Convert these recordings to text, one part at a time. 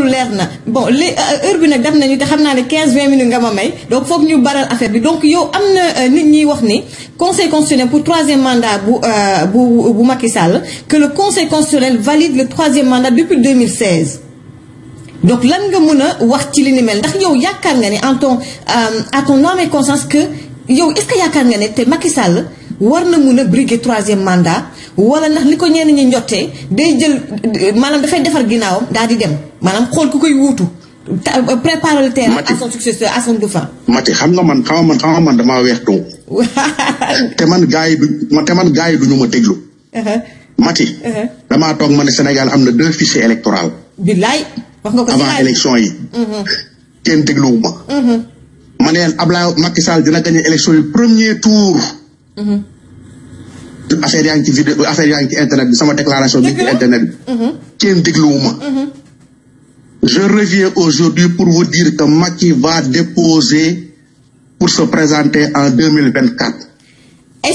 loolu leer na bon li euh, heure bi nag def nañu te xam naa ne 15 20 minutes nga ma may donc foog ñu baral affaire bi donc yow am na euh, nit ñiy wax ni conseil constitutionnel pour troisième mandat bu euh, bu bu Macky Sall que le conseil constitutionnel valide le troisième mandat depuis donc lan nga mun a wax ci li ni ndax yow yaakaar nga ni en ton à ton âme conscience que yow est que yaakaar nga ne te Macky war na mën a briguer troisième mandat. wala ndax ni ko ñenn ñi njottee day jël maanaam dafay defar ginnaawam daal di dem maanaam xool ku koy wuutu. préparer le terrain à son successeur Mati xam nga man xam man xam man damaa weex man gars du ma man gars yi ñu ma déglu. Uh-huh. Mati. Uh-huh. damaa toog ma ne Sénégal am na deux fichiers électoraux. billaay wax nga ko avant élection yi. Uh-huh. kenn dégluwu ma. ma ne leen Ablaye Macky Sall dina gagné élection yi premier tour. affaire yaa ngi ci vidéo affaire yaa ngi ci internet bi sama déclaration bi ci internet bi mm-hmm. kenn dégluwuma mm-hmm. je reviens aujourd'hui pour vous dire que Macky va déposer pour se présenter en deux mille vingt quatre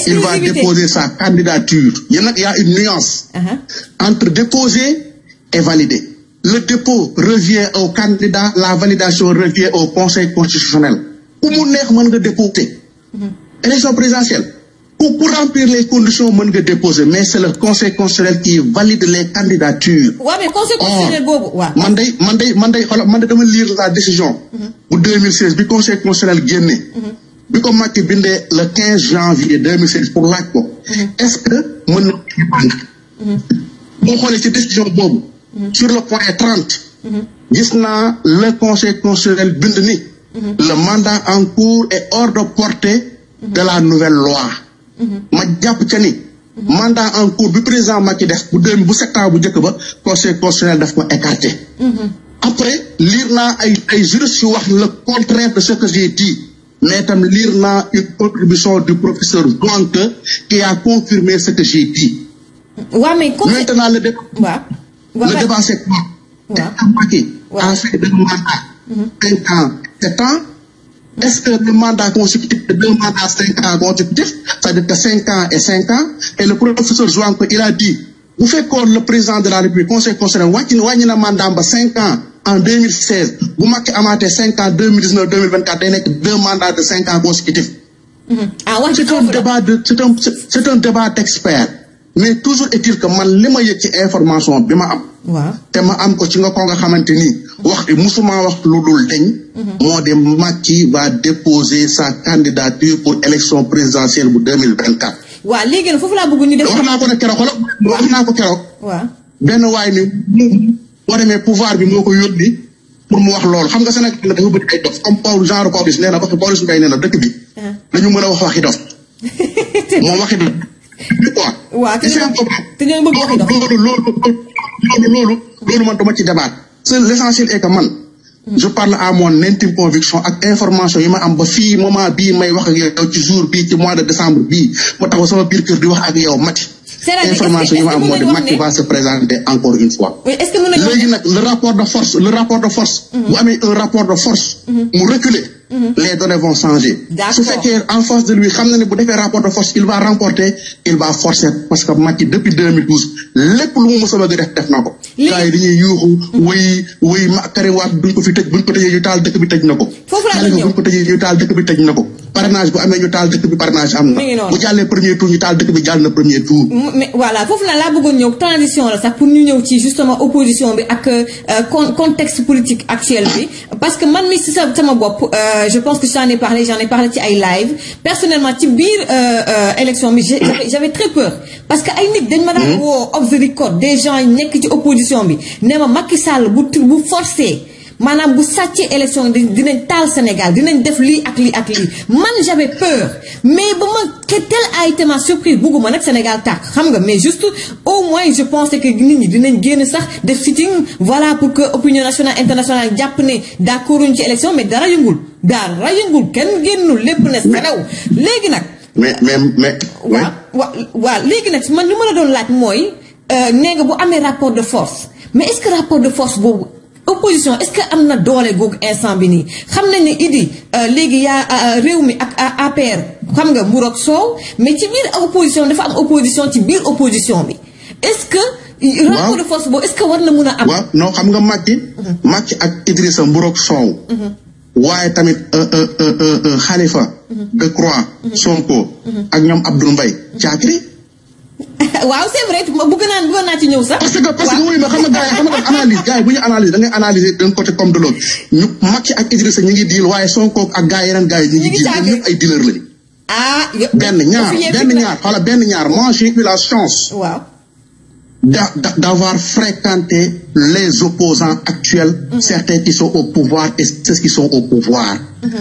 il va déposer sa candidature yéen a une nuance uh-huh. entre déposer et valider le dépôt revient au candidat la validation revient au conseil constitutionnel ku mu neex mën nga déposer mm-hmm. élection présidentielle pour pour remplir les conditions mën nga déposer mais c'est le conseil constitutionnel qui valide les candidatures. waaw mais conseil constitutionnel boobu waaw. man day man day man day xoolal man de dama lire la décision. Mm-hmm. bu 2016 bi conseil constitutionnel génne. Mm-hmm. bi ko Macky bindee le 15 janvier 2016 pour laaj ko. Mm-hmm. est-ce que mën na kii xoolee ci décision boobu. sur le point 30. gis naa le conseil constitutionnel bind ni. le mandat en cours est hors de portée. de la nouvelle loi. ma jàpp ca ni. mandat en cours bi ma ci des bu deux bu septembre bu njëkk ba conseil constitutionnel daf ko écarté. après lire naa ay ay juristes wax le contraire de ce que j'ai dit mais tam lire naa une contribution du professeur Blanque qui a confirmé ce que j'ai dit. waaw ouais, mais comme maintenant le débat. waaw waaw le débat c'est quoi. Mhm. ans sept ans. est-ce que le mandat consécutif de deux mandats cinq ans consécutifs cest dire que cinq ans et cinq ans et le professeur Zouanko il a dit bu fekkoon le président de la République conseil constitutionnel wàññi wàññi mandat ba cinq ans en 2016 bu Macky amaatee cinq ans 2019 2024 day nekk deux mandats de cinq ans consécutifs mm-hmm. ah ouais, c'est un débat de c'est un débat d'experts mais toujours est que man li ma yëg ci information bi ma am te ma am ko ci nga ko nga xamante nii wax musuma wax lu dul deñ mhm. moo de Macky va déposer sa candidature pour élection présidentielle bu deux mille vingt quatre. waaw léegi nag foofu laa bëgg ñu wax naa ko ne keroog xoolal wax naa ko keroog. waaw benn waay ni boo demee pouvoir bi moo ko yónni pour mu wax lool xam nga Sénégal dafa bëgg ay dof comme Paul genre Paulus nee na parce que Paulus Mbaye nee na dëkk bi. la ah. ñu mën a wax waxi dof. moom waxi dof. waaw te ñoo bëgg waxi dof loolu loolu loolu loolu man dama ci débat. seul l'essentiel est que man mm. je parle à mon intime conviction ak information yi ma am ba fii moment bii may wax ak yow ci jour bii ci mois de décembre bii ma taxaw sama biir kër di wax ak yow Mati information yi ma am moo de Macky va se présenter encore une fois léegi rapport de force le rapport de force mm-hmm. mm-hmm. mu reculer Mm-hmm. les données vont changer. su fekkee en face de lui xam na ne bu defee rapport de force il va remporter il va forcer parce que Macky depuis 2012 lépp lu mu mos a bëgg def def na ko. gars yi dañuy yuuxu. Mm-hmm. wuy wuy Karim Wade duñ ko fi tëj buñ ko tëjee ñu taal dëkk bi tëj na ko. foofu laa ñu ñëw buñ ko tëjee taal dëkk bi tëj na ko. parrainage bu amee ñu taal dëkk bi parrainage am na. bu jàllee premier tour ñu taal dëkk bi jàll na premier tour. mais voilà foofu laa bëggoon ñëw transition la sax pour ñu ñëw ci justement opposition bi ak euh, contexte politique actuel bi parce que man mi si sa sama bopp euh, je pense que j'en ai parlé j'en ai parlé ci ay live personnellement ci biir euh, élection bi j'avais très peur parce que ay nit dañ ma daan hmm. woo off the record des gens yi nekk ci opposition bi ne ma Macky Sall bu bu maanaam bu sàccee élection dinañ taal Sénégal dinañ def lii ak lii ak lii man j'avais peur mais ba ma tel a été ma surprise bugguma nag Sénégal tàkk xam nga mais juste au moins je pensais que nit ñi dinañ génn sax def sitting voilà pour que opinion nationale internationale jàpp ne d'accord ci élection mais dara yëngul dara yëngul kenn génnul lépp ne serew léegi nag mais mais mais. waaw waaw léegi nag man li ma la doon laaj mooy euh, nee nga bu amee rapport de force mais rapport de force boobu opposition est-ce que am na doole googu instant bi nii xam nañ ne Idi euh, léegi yaa euh, euh, réew mi ak APR xam nga mburu ak soow mais ci biir opposition dafa am opposition ci biir opposition bi est-ce que. rapport de force boobu est-ce que war na mun a am. waaw non xam nga Macky. Mhm. Macky ak Idrissa mburu ak soow. Mhm. waaye tamit Khalifa. Mhm. Decroix. Sonko. ak ñoom Abdoul Mbaye Thiakri. waaw c'est vrai bëgg naa bëggoon naa sax. parce que parce que wuyu ma xam nga gars yi xam nga analyse gars yi bu ñu analyse da ngay analyser d'un côté comme de l'autre ñu Macky ak Idrissa ñu ngi diil waaye Sonko ak gars yeneen gars yi ñu diil ay dealer lañu. Ah, benn ñaar benn ñaar xoola benn ñaar moi j'ai la chance. da da d'avoir fréquenté les opposants actuels. Mhm. certains qui sont au pouvoir et ceux qui sont au pouvoir. Mhm.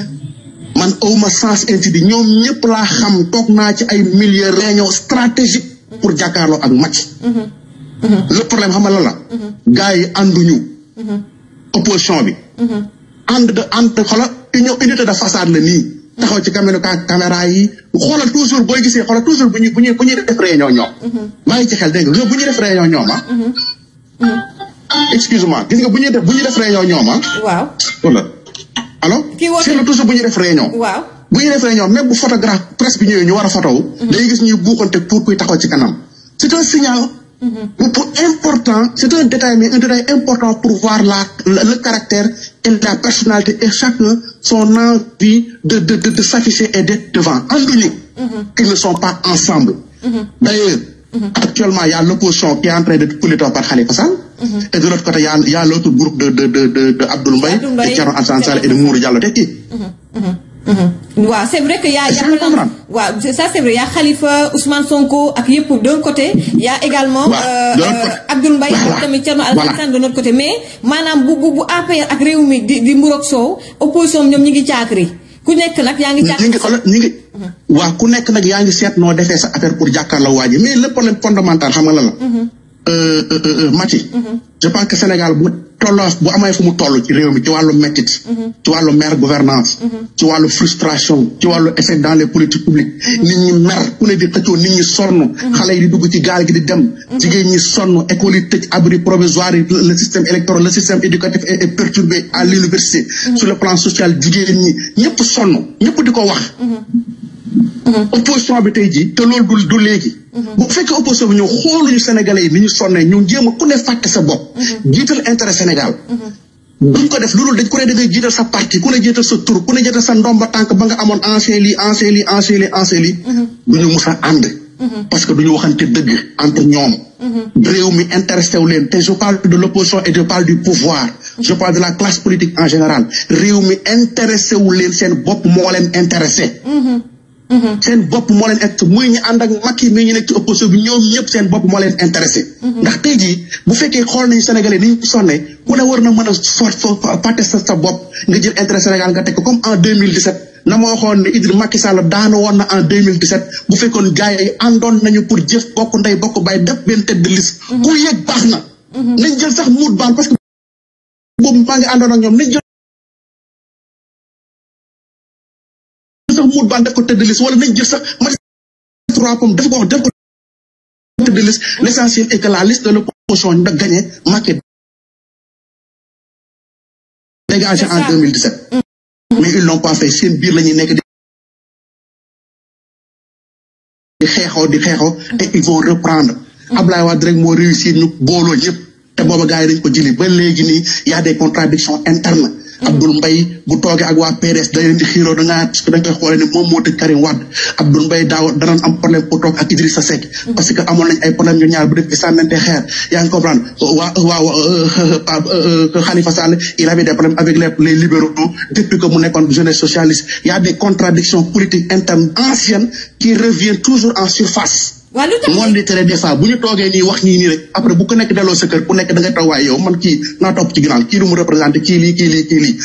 man awma sens interdit ñoom ñëpp laa xam toog naa ci ay milieu réunion stratégique. pour jàkkaarloo ak Macky. le problème xam nga lan la. gars yi ànduñu. opposition bi. ànd de ànd xoolal union unité de façade la nii. taxaw ci caméra caméra yi xoolal toujours booy gisee xoolal toujours bu ñuy bu ñuy bu ñuy def réunion ñoom. bàyyi ci xel dégg nga bu ñuy def réunion ñoom ah. excuse nga bu ñuy def bu ñuy def réunion ñoom ah. waaw. wala allo. kii woote toujours bu ñu def réunion. waaw. bu ñu defee ñoom même bu photographe presse bi ñu war a photowu mhm. dañuy gis ñuy buuxante pour kuy taxaw ci kanam c' est un signal bu mhm. pour important c' un détail mais un important pour voir la le caractère et la personnalité et chacun son envie de de de, de s'afficher et d'être devant angélique mhm. qu'ils ne sont pas ensemble d' ailleurs actuellement y a l'opposition qui est en train d'être pouletée par Khalifa Sall et de l'autre côté y a y a l'autre de de de de de de Thierno Mm-hmm. waaw c' est vrai que y' a y' a. waaw ça c' est Sonko ak yëpp d' côté. yaa a également. waaw euh, euh, Abdoul Mbaye tamit Thierno Alassane Sall de notre côté. mais maanaam bu bu bu APR ak réew mi di di Mburok opposition ñoom ñi ngi caakri ku nekk nag yaa ngi. caakri ñi ngi mm-hmm. waaw ku nekk nag yaa ngi seet noo defee sa affaire pour jàkkaarloo waa ji mais le problème fondamental xam Euh, euh, euh, Mati. je pense que Sénégal bu tolloos bu amee fu mu toll ci réew mi ci wàllu métit ci wàllu mer gouvernance ci wàllu frustration ci wàllu échec dans les politiques publiques nit ñi mer ku ne nit ñi sonn xale yi di dugg ci gaal gi di dem jigéen ñi sonn école yi tëj abri provisoire yi le système électoral le système éducatif est perturbé à l'université sur le plan social jigéen ñi ñëpp sonn ñëpp di ko wax Mm-hmm. opposition bi tey jii te loolu du léegi. Mm-hmm. bu fekkee opposition bi ñoo xooluñu sénégalais yi ni ñu sonnee ñu jéem a ku ne fàtte sa bopp. Mm-hmm. jiital intérêt Sénégal. duñ du ñu mus a ànd. parce que du ñu waxante dëgg entre ñoom. réew mi intéressé wu leen te je parle de l'opposition et je parle du pouvoir. je parle de la classe politique en général réew mi intéressé leen seen bopp moo leen intéressé. Mm-hmm. seen bopp moo leen int muy ñu ànd ak muy ñu nekk ci opposition ñoom ñëpp seen bopp moo leen intéressé. Mm-hmm. ndax tey jii bu fekkee xool nañu sénégalais ni ñu sonne ku ne war mën a sot fa pàtte sa bopp nga jël intérêt Sénégal nga teg comme en 2017. na ma waxoon ne Idr Macky Sall daanu woon na en 2017 bu fekkoon gars yi nañu pour jëf bokk ndey bokk bay def benn tête de mm-hmm. ku yëg baax na. nañ jël sax muut baal parce que maa ngi àndoon Ban def ko tëdd liste wala nañ jël sax def ko wax def ko tëdd liste l' essentiel est que la liste de l'opposition da gagné Macky en 2017 mm. mais ils l'ont pas fait seen biir la ñuy nekk di xeexoo di xeexoo te ils vont reprendre mm. Ablaye Wade rek moo réussir ñu booloo ñëpp te booba gars yi dañ ko jëli ba léegi nii y a des contradictions internes Abdoul Mbaye bu toogee ak waa PDS da leen di xiiroo da ngaa koy xoolee ne moom moo tëj Karim Wade Abdoul Mbaye daaw danañ am problème pour toog ak Idrissa Seck parce que amoon nañ ay problème ñu ñaar bu def bi sànnante xeer yaa ngi comprendre waa waa euh, euh, Khalifa Sall il avait des problèmes avec les les libéraux depuis mu nekkoon jeunesse socialiste y a des contradictions politiques internes anciennes qui reviennent toujours en surface waaw lu tax monde tere des fois bu ñu toogee nii wax nii nii rek après bu ko nekk delloo sa kër ku nekk da nga taw waaye yow man kii naa topp ci ginnaaw kii lu mu représenté kii lii kii lii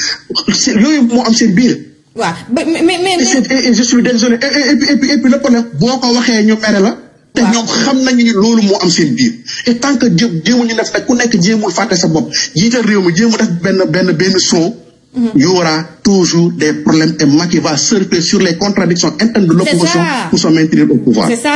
yooyu moo am seen biir. waaw mais mais mais. je suis désolé et puis et puis et puis le boo ko waxee ñu mere la. te ñoom xam nañu ni loolu moo am seen biir et tant que jé jéemu ñu def nag ku nekk jéemul fàtte sa bopp jiital réew mi jéemu def benn benn benn son. Mm-hmm. yoora. toujours des problèmes et Macky va surfer sur les contradictions C'est ça,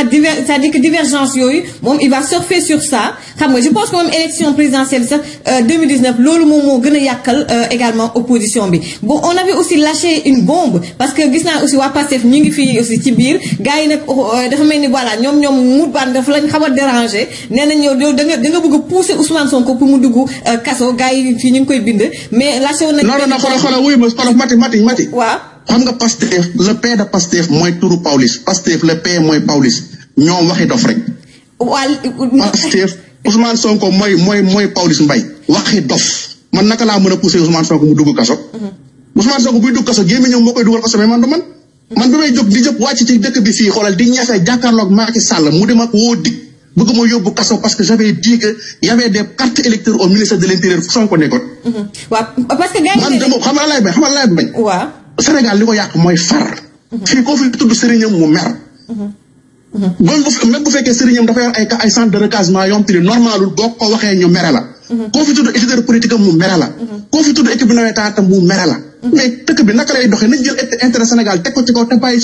divergence yooyu moom il va surfer sur ça xam nga je pense que moom élection présidentielle sax euh, loolu moom moo gën a yàqal euh, également opposition bi bon on avait aussi lâché une bombe parce que gis naa aussi waa Pastef ñu ngi fii ci biir gars yi nag oh, oh, dafa mel ni voilà ñoom ñoom mut baan dafa lañ xaw a dérangé nee nañ yow yow bëgg a pousser Ousmane Sonko pour mu dugg euh, kaso mati mati mati. waaw xam nga Pastef le P de Pastef mooy turu Pawlish Pastef le P mooy Pawlish ñoom waxi dof rek. waal Pastef Ousmane mooy mooy mooy Pawlish Mbaye waxi dof man naka laa mën a pousser Ousmane Sonko mu dugg kaso. Mhm. Ousmane Sonko buy dugg kaso gémmiñ ñoom moo koy dugal kaso man du man. Mhm. man bi may jóg di jóg wàcc ci dëkk bi fii xoolal di ñafe jàkkaarloog Macky Sall mu dem ak woo dikk. bëgg yóbbu kaso parce que j'avais dit que y avait des cartes électeurs au ministère de l'intérieur fu Sonko nekkoon. Mhm. waaw parce que xam nga laay bañ xam nga laay bañ. Sénégal li ko yàq mooy far. Mhm. fii koo fi tudd sëriñam mu mer. Mhm. même bu même bu fekkee sëriñam dafa ay ay centre de recasement yom te normalul boo ko waxee ñu mere la. fi tudd éditeur politique mu mere la. fi tudd équipe nawetaan tam mu mere la. mais naka lay doxee nañ jël intérêt Sénégal teg ko te bàyyi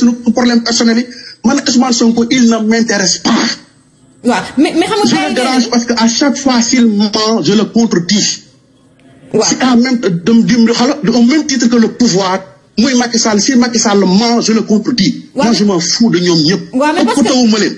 waaw mais mais xam nga. je le dérange parce que à chaque fois s'il ment je le contredis. waaw c'est quand même euh, de même titre que le pouvoir. mooy Macky Sall si Macky Sall moi je le contredis. waaw ñëpp. waaw mais parce que wu ma leen.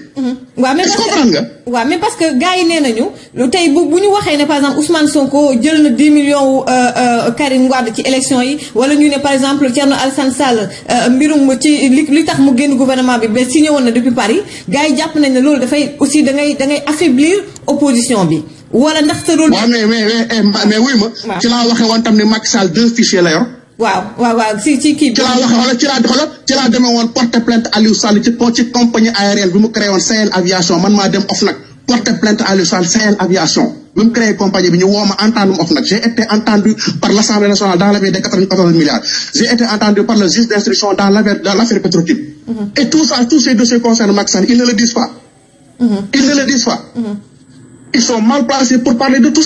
waaw mais parce que comprendre nga. waaw mais parce que gars yi bu bu ñu waxee ne par exemple Ousmane Sonko jël na 10 millions euh, euh, Karim Wade ci élection yi wala ñu ne par exemple Thierno Alassane Sall euh, mbirum ci li tax mu génn gouvernement bi ba signé woon na depuis Paris gars yi jàpp nañ ne loolu dafay aussi da ngay da ngay affaiblir opposition bi. wala ndax sa rôle. waaw mais mais mais eh, mais wuy ma. ci laa waxee woon tam ne Macky Sall deux fichiers la waaw waaw waaw ci kii. ci laa porte plainte Aliou Sall ci ci compagnie aérienne bi mu créé woon Sahel aviation man maa dem OFNAC porte plainte Aliou Sall Sahel aviation bi mu créé compagnie bi ñu woo ma entendre j'ai été entendu par l'Assemblée nationale dans l'affaire des 94 milliards j'ai été entendu par le juge d'instruction dans l'affaire dans l'affaire Petrotim. Mm-hmm. et tout ça ne le disent pas. ils ne le disent pas. Mm-hmm. ils mm-hmm. de tout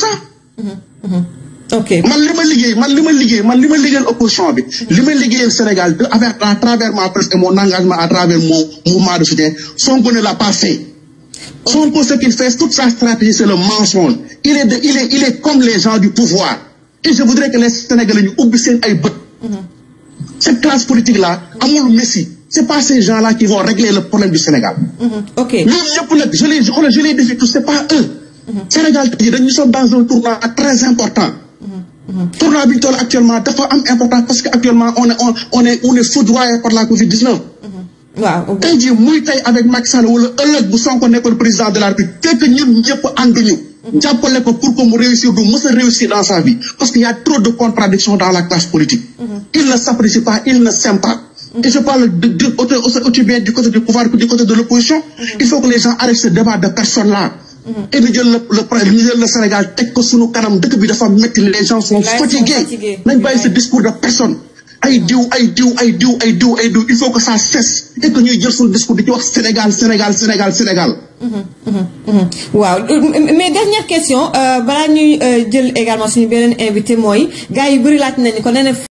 ok man ma liggéey man li ma liggéey man li ma liggéeyal opposition bi. li ma liggéeyal Sénégal de avec à travers ma presse et mon engagement à travers mon mouvement de soutien Sonko ne l'a pas fait. Sonko qu'il fait toute sa stratégie c'est le mensonge il est comme les gens du pouvoir et je voudrais que les Sénégalais ñu ubbi seen ay mm-hmm. cette classe politique là amul messi c'est pas ces gens là qui vont régler le problème du Sénégal. Mm-hmm. ok ñoom ñëpp nag mm-hmm. très important. Mm-hmm. tournant bi actuellement dafa am importance parce que actuellement on est on est on par la Covid 19. Mm-hmm. waaw tey jii muy tey avec Macky Sall wala ëllëg bu Sonko nekkoon président de la République fekk ñun ñëpp ànduñu. Mm-hmm. jàppale ko pour que mu réussir du mës réussir dans sa vie parce qu'il y a trop de contradictions dans la classe politique. il ne s'apprécie pas il ne s'aime et je parle de du côté du pouvoir de l'opposition Mm-hmm. et ñu jël le ñu jël le Sénégal teg ko suñu kanam dëkk bi dafa métti les gens sont fatigués nañ bàyyi ce discours de personne ay diw ay diw ay diw ay diw ay diw il faut que ça cesse et que ñuy jël suñu discours di ci wax Sénégal Sénégal Sénégal Sénégal mm-hmm. Mm-hmm. waaw euh, mais dernière question euh, balaa ñuy euh, jël également suñu beneen invité mooy gars yi bëri laaj nañu ko nee